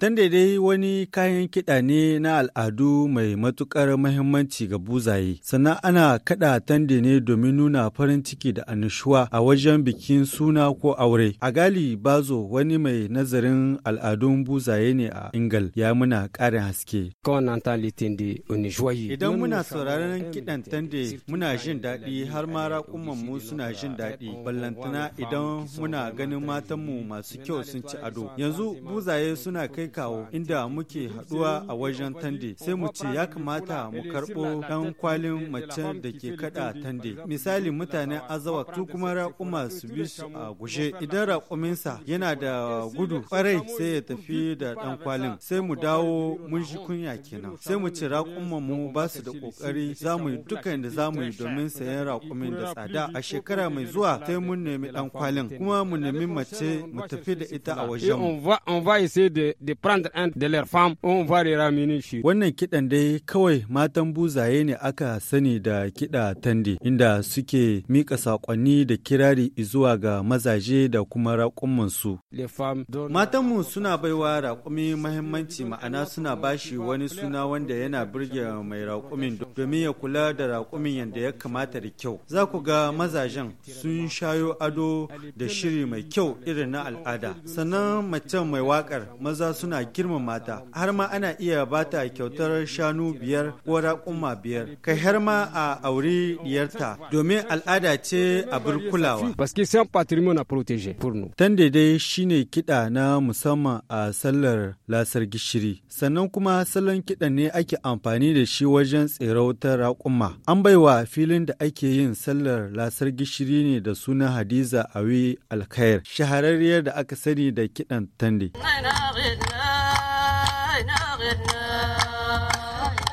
Dan daidai wani kayan kiɗa ne na al'adu mai matuƙar mahimmanci ga buzaye, sannan ana kaɗa tande ne domin nuna farin ciki da annishuwa a wajen bikin suna ko aure. A gali bazo wani mai nazarin al'adun buzaye ne a Ingal ya muna ƙarin haske. Idan muna sauraron kiɗan tande muna jin daɗi har ma raƙuman mu suna jin daɗi. Ballantana idan muna ganin matanmu masu kyau sun ci ado. Yanzu buzaye suna kai kai kawo inda muke haɗuwa a wajen tande sai mu ce ya kamata mu karɓo ɗan kwalin mace da ke kaɗa tande. Misali mutanen azawa su kuma raƙuma su bi su a gushe idan raƙuminsa yana da gudu ƙwarai sai ya tafi da ɗan kwalin sai mu dawo mun shi kunya kenan sai mu ce raƙuman mu ba su da ƙoƙari za mu yi dukkan da za mu yi domin sayan raƙumin da tsada a shekara mai zuwa sai mun nemi ɗan kwalin kuma mu nemi mace mu tafi da ita a wajen mu. prendre un de leurs femmes, on va les ramener chez Wannan kiɗan dai kawai matan buzaye ne aka sani da kiɗa tandi inda suke mika sakonni da kirari zuwa ga mazaje da kuma raƙumansu. Matanmu suna baiwa raƙumi muhimmanci ma'ana suna bashi wani suna wanda yana birge mai raƙumin domin ya kula da raƙumin yadda ya kamata da kyau. Za ku ga mazajen sun shayo ado da shiri mai kyau irin na al'ada. Sannan mace mai waƙar maza suna suna girmama mata har ma ana iya bata kyautar shanu biyar ko raƙuma biyar kai har ma a aure diyarta domin al'ada ce a burkulawa. Tan daidai shine kiɗa na musamman a sallar lasar gishiri sannan kuma salon kiɗa ne ake amfani da shi wajen tsirauta raƙuma. An baiwa filin da ake yin sallar lasar gishiri ne da suna Hadiza Awi Alkhair shahararriyar da aka sani da kiɗan tande.